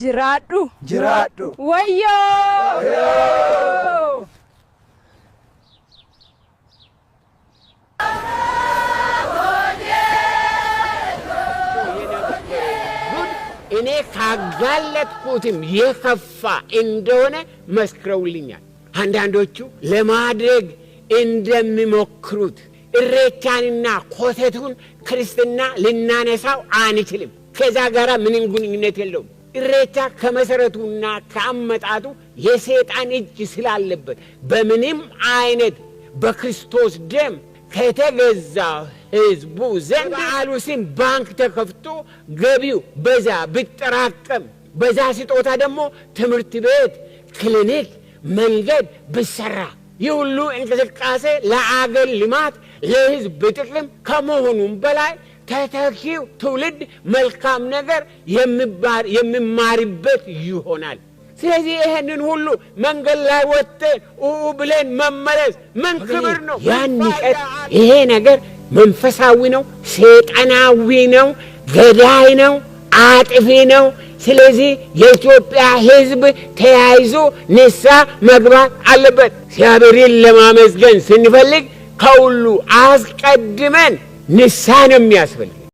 Jiraadhu. Jiraadhu. Wayyoo! እኔ ካጋለጥኩትም የከፋ እንደሆነ መስክረውልኛል። አንዳንዶቹ ለማድረግ እንደሚሞክሩት እሬቻንና ኮተቱን ክርስትና ልናነሳው አንችልም። ከዛ ጋራ ምንም ግንኙነት የለውም። እሬቻ ከመሰረቱና ከአመጣጡ የሰይጣን እጅ ስላለበት በምንም አይነት በክርስቶስ ደም ከተገዛ ህዝቡ ዘንድ በዓሉ ስም ባንክ ተከፍቶ ገቢው በዛ ብጠራቀም በዛ ስጦታ ደግሞ ትምህርት ቤት፣ ክሊኒክ፣ መንገድ ብሰራ ይህ ሁሉ እንቅስቃሴ ለአገር ልማት ለህዝብ ጥቅም ከመሆኑም በላይ ተተኪው ትውልድ መልካም ነገር የሚማርበት ይሆናል። ስለዚህ ይህንን ሁሉ መንገድ ላይ ወጥተን ኡ ብለን መመለስ ምን ክብር ነው? ያን ይቀት ይሄ ነገር መንፈሳዊ ነው፣ ሰይጣናዊ ነው፣ ገዳይ ነው፣ አጥፊ ነው። ስለዚህ የኢትዮጵያ ህዝብ ተያይዞ ንሳ መግባት አለበት። እግዚአብሔርን ለማመስገን ስንፈልግ ከሁሉ አስቀድመን ንስሐ ነው የሚያስፈልግ።